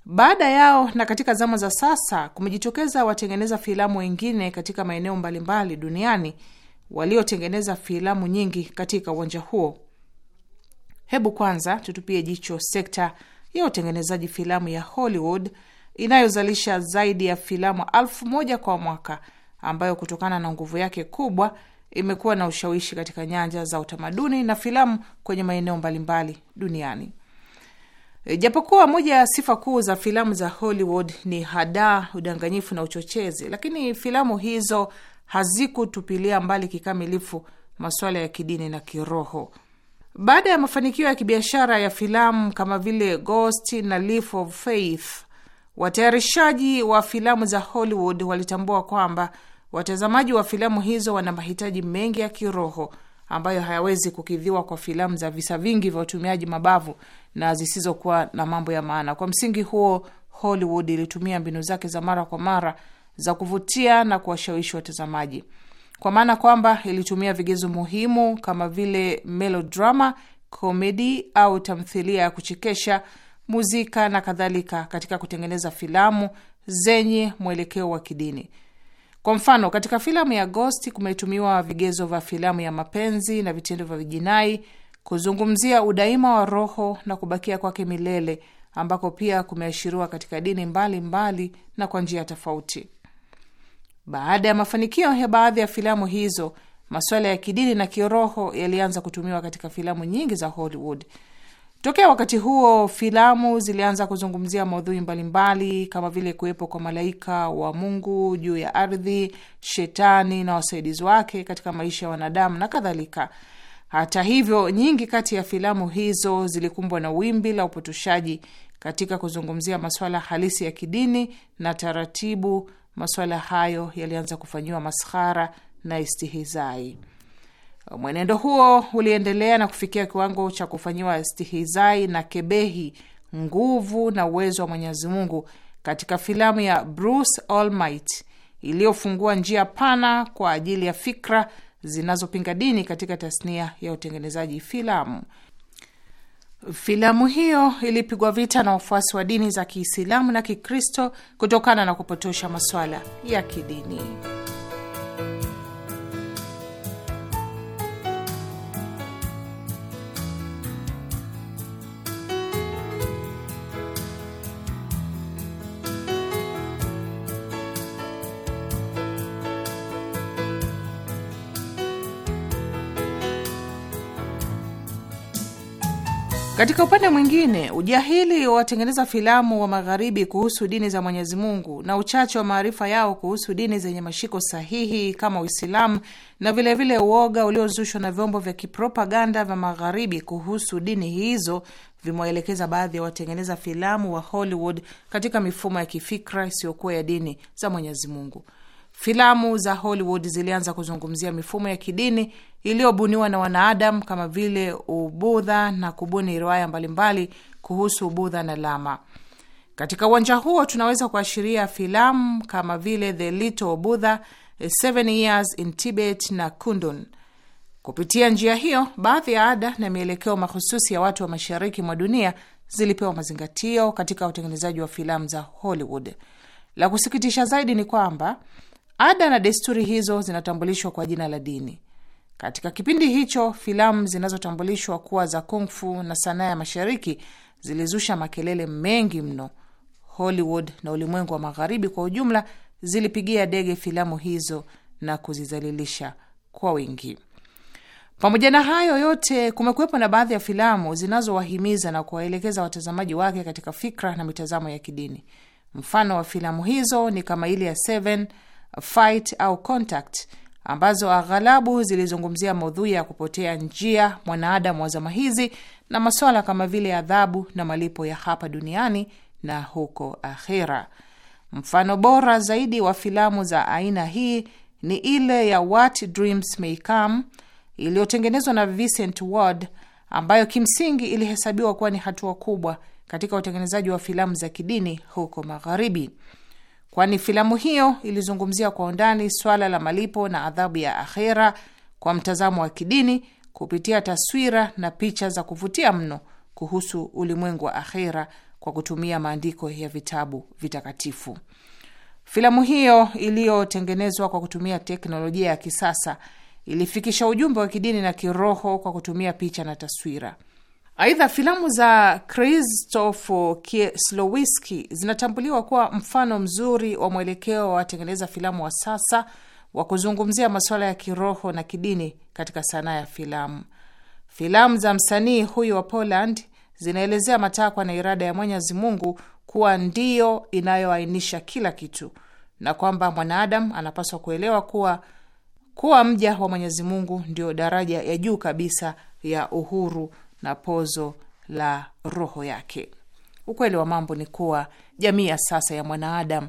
Baada yao na katika zama za sasa kumejitokeza watengeneza filamu wengine katika maeneo mbalimbali duniani waliotengeneza filamu nyingi katika uwanja huo. Hebu kwanza tutupie jicho sekta ya utengenezaji filamu ya Hollywood inayozalisha zaidi ya filamu elfu moja kwa mwaka ambayo kutokana na nguvu yake kubwa imekuwa na ushawishi katika nyanja za utamaduni na filamu kwenye maeneo mbalimbali duniani. E, japokuwa moja ya sifa kuu za filamu za Hollywood ni hadaa, udanganyifu na uchochezi, lakini filamu hizo hazikutupilia mbali kikamilifu masuala ya kidini na kiroho. Baada ya mafanikio ya kibiashara ya filamu kama vile Ghost na Leap of Faith, watayarishaji wa filamu za Hollywood walitambua kwamba Watazamaji wa filamu hizo wana mahitaji mengi ya kiroho ambayo hayawezi kukidhiwa kwa filamu za visa vingi vya utumiaji mabavu na zisizokuwa na mambo ya maana. Kwa msingi huo, Hollywood ilitumia mbinu zake za mara kwa mara za kuvutia na kuwashawishi watazamaji, kwa maana kwamba ilitumia vigezo muhimu kama vile melodrama, komedi au tamthilia ya kuchekesha, muzika na kadhalika katika kutengeneza filamu zenye mwelekeo wa kidini. Kwa mfano, katika filamu ya Ghost kumetumiwa vigezo vya filamu ya mapenzi na vitendo vya jinai kuzungumzia udaima wa roho na kubakia kwake milele ambako pia kumeashiriwa katika dini mbalimbali mbali na kwa njia tofauti. Baada ya mafanikio ya baadhi ya filamu hizo, masuala ya kidini na kiroho yalianza kutumiwa katika filamu nyingi za Hollywood Tokea wakati huo filamu zilianza kuzungumzia maudhui mbalimbali kama vile kuwepo kwa malaika wa Mungu juu ya ardhi, shetani na wasaidizi wake katika maisha ya wanadamu na kadhalika. Hata hivyo, nyingi kati ya filamu hizo zilikumbwa na wimbi la upotoshaji katika kuzungumzia masuala halisi ya kidini, na taratibu masuala hayo yalianza kufanyiwa maskhara na istihizai. Mwenendo huo uliendelea na kufikia kiwango cha kufanyiwa stihizai na kebehi nguvu na uwezo wa Mwenyezi Mungu katika filamu ya Bruce Almighty iliyofungua njia pana kwa ajili ya fikra zinazopinga dini katika tasnia ya utengenezaji filamu. Filamu hiyo ilipigwa vita na wafuasi wa dini za Kiislamu na Kikristo kutokana na kupotosha masuala ya kidini. Katika upande mwingine, ujahili wa watengeneza filamu wa magharibi kuhusu dini za Mwenyezi Mungu na uchache wa maarifa yao kuhusu dini zenye mashiko sahihi kama Uislamu na vilevile vile uoga uliozushwa na vyombo vya kipropaganda vya magharibi kuhusu dini hizo vimewaelekeza baadhi ya watengeneza filamu wa Hollywood katika mifumo ya kifikra isiyokuwa ya dini za Mwenyezi Mungu. Filamu za Hollywood zilianza kuzungumzia mifumo ya kidini iliyobuniwa na wanaadamu kama vile Ubudha na kubuni riwaya mbalimbali kuhusu Ubudha na lama. Katika uwanja huo tunaweza kuashiria filamu kama vile The Little Buddha, Seven Years in Tibet na Kundun. Kupitia njia hiyo, baadhi ya ada na mielekeo mahususi ya watu wa mashariki mwa dunia zilipewa mazingatio katika utengenezaji wa filamu za Hollywood. La kusikitisha zaidi ni kwamba Ada na desturi hizo zinatambulishwa kwa jina la dini. Katika kipindi hicho, filamu zinazotambulishwa kuwa za kung fu na sanaa ya mashariki zilizusha makelele mengi mno. Hollywood na ulimwengu wa magharibi kwa ujumla zilipigia dege filamu hizo na kuzizalilisha kwa wingi. Pamoja na hayo yote, kumekuwepo na baadhi ya filamu zinazowahimiza na kuwaelekeza watazamaji wake katika fikra na mitazamo ya kidini. Mfano wa filamu hizo ni kama ile ya Seven Fight au Contact ambazo aghalabu zilizungumzia maudhui ya kupotea njia mwanaadamu wa zama hizi na masuala kama vile adhabu na malipo ya hapa duniani na huko akhira Mfano bora zaidi wa filamu za aina hii ni ile ya What Dreams May Come iliyotengenezwa na Vincent Ward ambayo kimsingi ilihesabiwa kuwa ni hatua kubwa katika utengenezaji wa filamu za kidini huko Magharibi kwani filamu hiyo ilizungumzia kwa undani swala la malipo na adhabu ya akhera kwa mtazamo wa kidini kupitia taswira na picha za kuvutia mno kuhusu ulimwengu wa akhera kwa kutumia maandiko ya vitabu vitakatifu. Filamu hiyo iliyotengenezwa kwa kutumia teknolojia ya kisasa ilifikisha ujumbe wa kidini na kiroho kwa kutumia picha na taswira. Aidha, filamu za Krzysztof Kieslowski zinatambuliwa kuwa mfano mzuri wa mwelekeo wa watengeneza filamu wa sasa wa kuzungumzia masuala ya kiroho na kidini katika sanaa ya filamu. Filamu za msanii huyu wa Poland zinaelezea matakwa na irada ya Mwenyezi Mungu kuwa ndiyo inayoainisha kila kitu na kwamba mwanadamu anapaswa kuelewa kuwa kuwa mja wa Mwenyezi Mungu ndio daraja ya juu kabisa ya uhuru na pozo la roho yake. Ukweli wa mambo ni kuwa jamii ya sasa ya mwanaadamu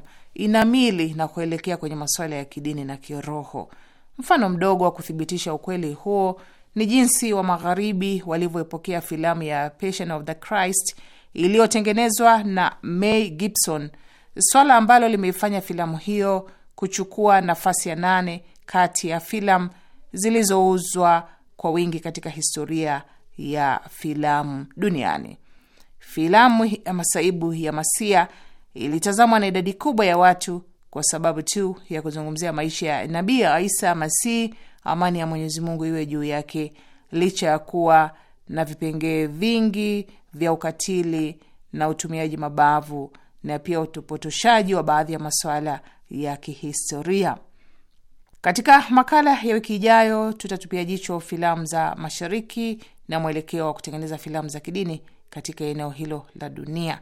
mili na kuelekea kwenye masuala ya kidini na kiroho. Mfano mdogo wa kuthibitisha ukweli huo ni jinsi wa magharibi walivyoipokea filamu ya Passion of the Christ iliyotengenezwa na Mel Gibson, swala ambalo limeifanya filamu hiyo kuchukua nafasi ya nane kati ya filamu zilizouzwa kwa wingi katika historia ya filamu duniani. Filamu ya masaibu ya Masia ilitazamwa na idadi kubwa ya watu kwa sababu tu ya kuzungumzia maisha ya Nabii ya Isa Masihi, amani ya Mwenyezi Mungu iwe juu yake, licha ya kuwa na vipengee vingi vya ukatili na utumiaji mabavu na pia utopotoshaji wa baadhi ya masuala ya kihistoria. Katika makala ya wiki ijayo tutatupia jicho filamu za mashariki na mwelekeo wa kutengeneza filamu za kidini katika eneo hilo la dunia.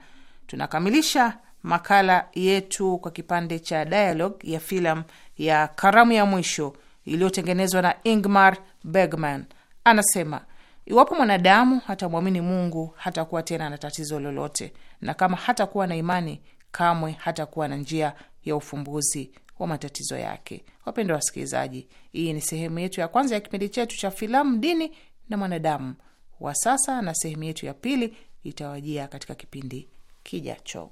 Tunakamilisha makala yetu kwa kipande cha dialogue ya filamu ya Karamu ya Mwisho iliyotengenezwa na Ingmar Bergman. Anasema iwapo mwanadamu hatamwamini Mungu hatakuwa tena na tatizo lolote, na kama hatakuwa na imani kamwe hatakuwa na njia ya ufumbuzi wa matatizo yake. Wapendwa wasikilizaji, hii ni sehemu yetu ya kwanza ya kipindi chetu cha filamu, dini na mwanadamu wa sasa, na sehemu yetu ya pili itawajia katika kipindi kijacho.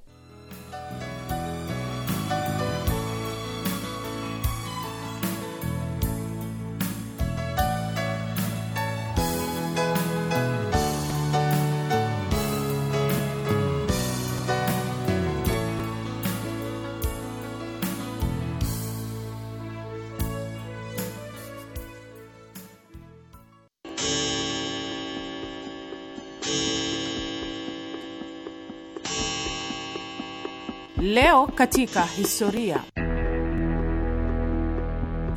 Leo katika historia.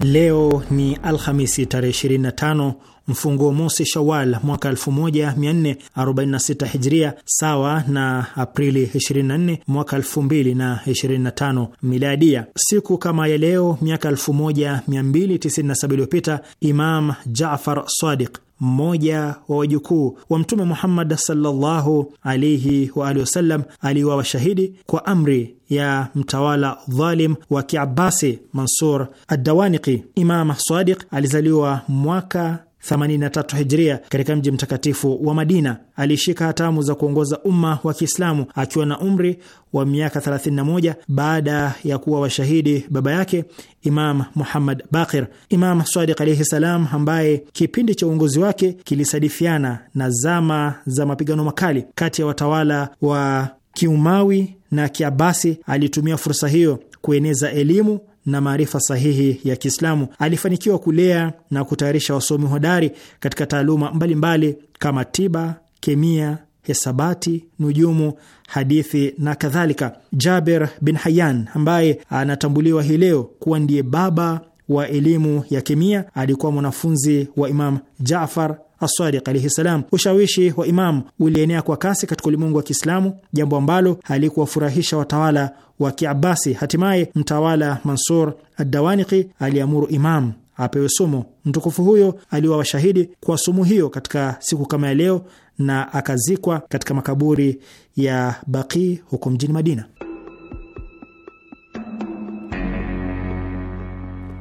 Leo ni Alhamisi tarehe 25 mfunguo mosi Shawal mwaka 1446 Hijria, sawa na Aprili 24 mwaka 2025 Miladia. Siku kama ya leo miaka 1297 iliyopita Imam Jafar Sadiq mmoja wa wajukuu wa Mtume Muhammad sallallahu alaihi wa alihi wasallam aliuawa shahidi kwa amri ya mtawala dhalim wa Kiabasi Mansur Adawaniqi. Imam Sadiq alizaliwa mwaka 83 Hijria katika mji mtakatifu wa Madina. Alishika hatamu za kuongoza umma wa Kiislamu akiwa na umri wa miaka 31 baada ya kuwa washahidi baba yake Imam Muhammad Baqir. Imam Sadiq alaihi salam, ambaye kipindi cha uongozi wake kilisadifiana na zama za mapigano makali kati ya watawala wa Kiumawi na Kiabasi, alitumia fursa hiyo kueneza elimu na maarifa sahihi ya Kiislamu. Alifanikiwa kulea na kutayarisha wasomi hodari katika taaluma mbalimbali mbali kama tiba, kemia, hesabati, nujumu, hadithi na kadhalika. Jaber bin Hayyan ambaye anatambuliwa hii leo kuwa ndiye baba wa elimu ya kemia alikuwa mwanafunzi wa Imam jafar Asadiq alaihi salam. Ushawishi wa Imamu ulienea kwa kasi katika ulimwengu wa Kiislamu, jambo ambalo halikuwafurahisha watawala wa Kiabasi. Hatimaye mtawala Mansur adawaniki aliamuru Imamu apewe sumu. Mtukufu huyo aliwa washahidi kwa sumu hiyo katika siku kama ya leo na akazikwa katika makaburi ya Baqi huko mjini Madina.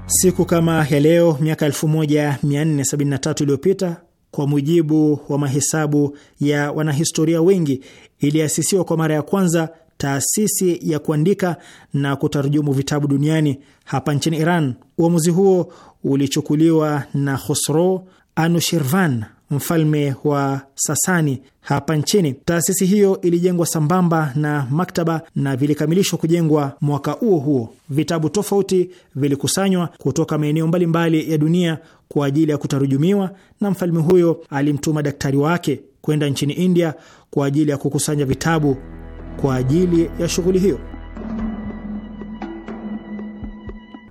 Siku kama ya leo miaka 1473 iliyopita kwa mujibu wa mahesabu ya wanahistoria wengi, iliasisiwa kwa mara ya kwanza taasisi ya kuandika na kutarujumu vitabu duniani hapa nchini Iran. Uamuzi huo ulichukuliwa na Khosro Anushirvan mfalme wa Sasani hapa nchini. Taasisi hiyo ilijengwa sambamba na maktaba na vilikamilishwa kujengwa mwaka huo huo. Vitabu tofauti vilikusanywa kutoka maeneo mbalimbali ya dunia kwa ajili ya kutarujumiwa, na mfalme huyo alimtuma daktari wake kwenda nchini India kwa ajili ya kukusanya vitabu kwa ajili ya shughuli hiyo.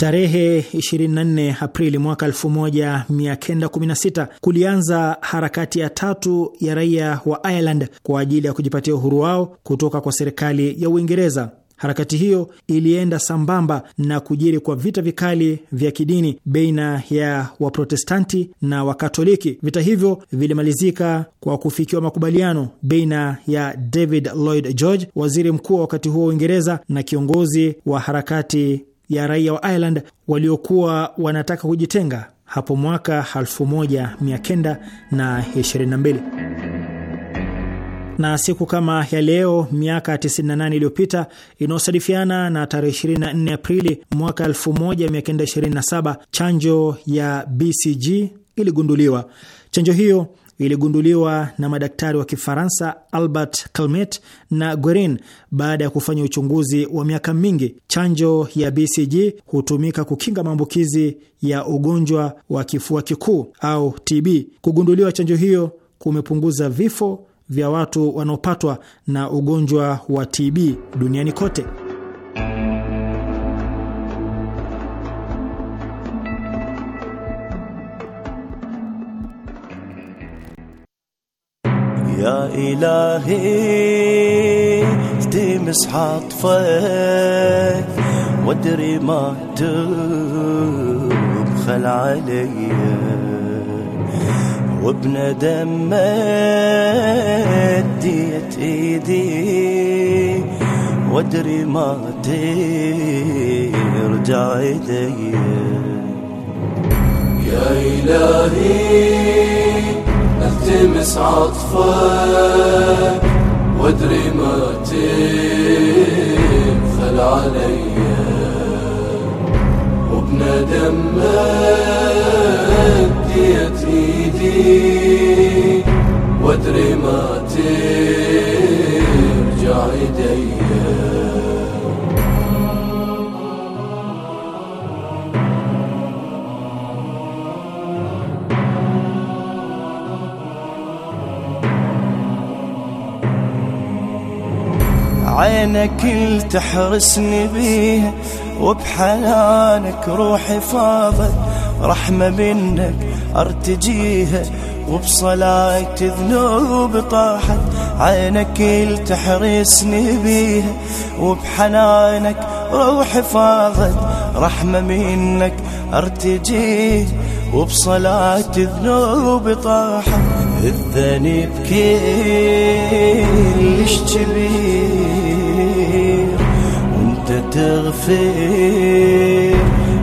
Tarehe 24 Aprili mwaka 1916 kulianza harakati ya tatu ya raia wa Ireland kwa ajili ya kujipatia uhuru wao kutoka kwa serikali ya Uingereza. Harakati hiyo ilienda sambamba na kujiri kwa vita vikali vya kidini baina ya Waprotestanti na Wakatoliki. Vita hivyo vilimalizika kwa kufikiwa makubaliano baina ya David Lloyd George, waziri mkuu wa wakati huo wa Uingereza, na kiongozi wa harakati ya raia wa Ireland waliokuwa wanataka kujitenga hapo mwaka 1922. Na siku kama ya leo miaka 98 iliyopita inayosadifiana na tarehe 24 Aprili mwaka 1927, chanjo ya BCG iligunduliwa. Chanjo hiyo iligunduliwa na madaktari wa Kifaransa Albert Calmet na Guerin baada ya kufanya uchunguzi wa miaka mingi. Chanjo ya BCG hutumika kukinga maambukizi ya ugonjwa wa kifua kikuu au TB. Kugunduliwa chanjo hiyo kumepunguza vifo vya watu wanaopatwa na ugonjwa wa TB duniani kote. يا إلهي تمس عطفك وادري ما تبخل علي وبندم ديت ايدي وادري ما ترجع ايدي يا الهي التمس عطفك وادري ما تبخل علي وبندم اديت ايدي وادري ما ترجع ايديا عينك تحرسني بيها وبحنانك روحي فاضت رحمة منك ارتجيها وبصلاة ذنوب طاحت عينك تحرسني بيها وبحنانك روحي فاضت رحمة منك ارتجيها وبصلاة الذنوب طاحت الذنب كلش اشتبيه تغفر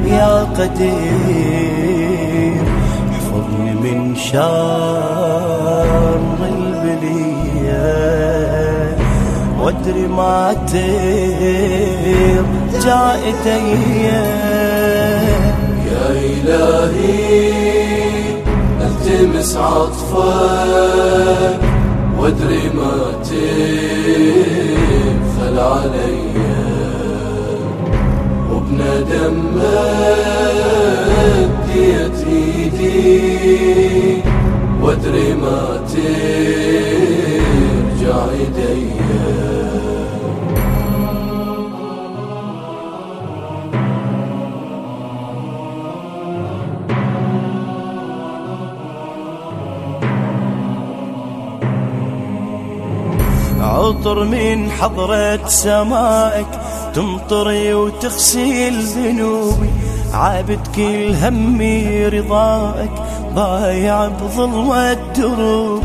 يا قدير احفظني من شر البلية وادري ما تير جائتي يا إلهي التمس عطفك وادري ما تبخل عليّ دمت مديت ايدي وادري ما ترجع ايديا عطر من حضرة سمائك تمطري وتغسل ذنوبي عابد كل همي رضاك ضايع بظلمة دروب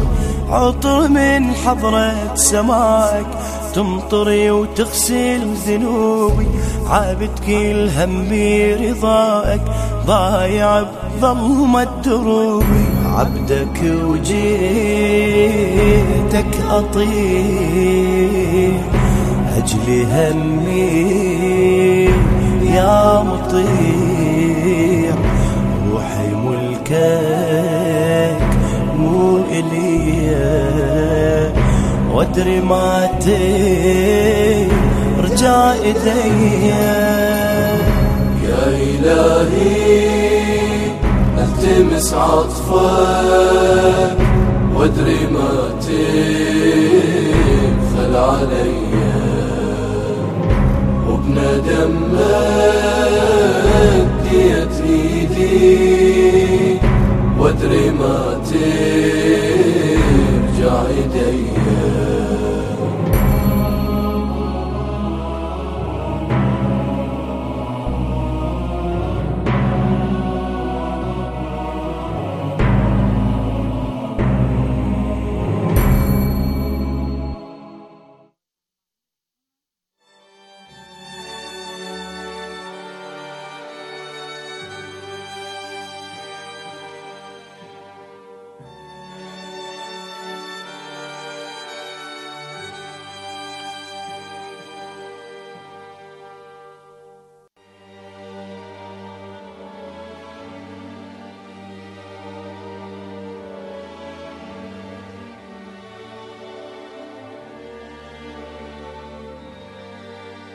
عطر من حضرة سماك تمطري وتغسل ذنوبي عابد كل همي رضاك ضايع بظلمة دروبي عبدك وجيتك أطيب وجلي همي يا مطير روحي ملكك مو إلي وادري ما ترجع إلي يا إلهي التمس عطفك وادري ما تبخل عليّ دمك ديت ايدي وادري ما ترجع ايديا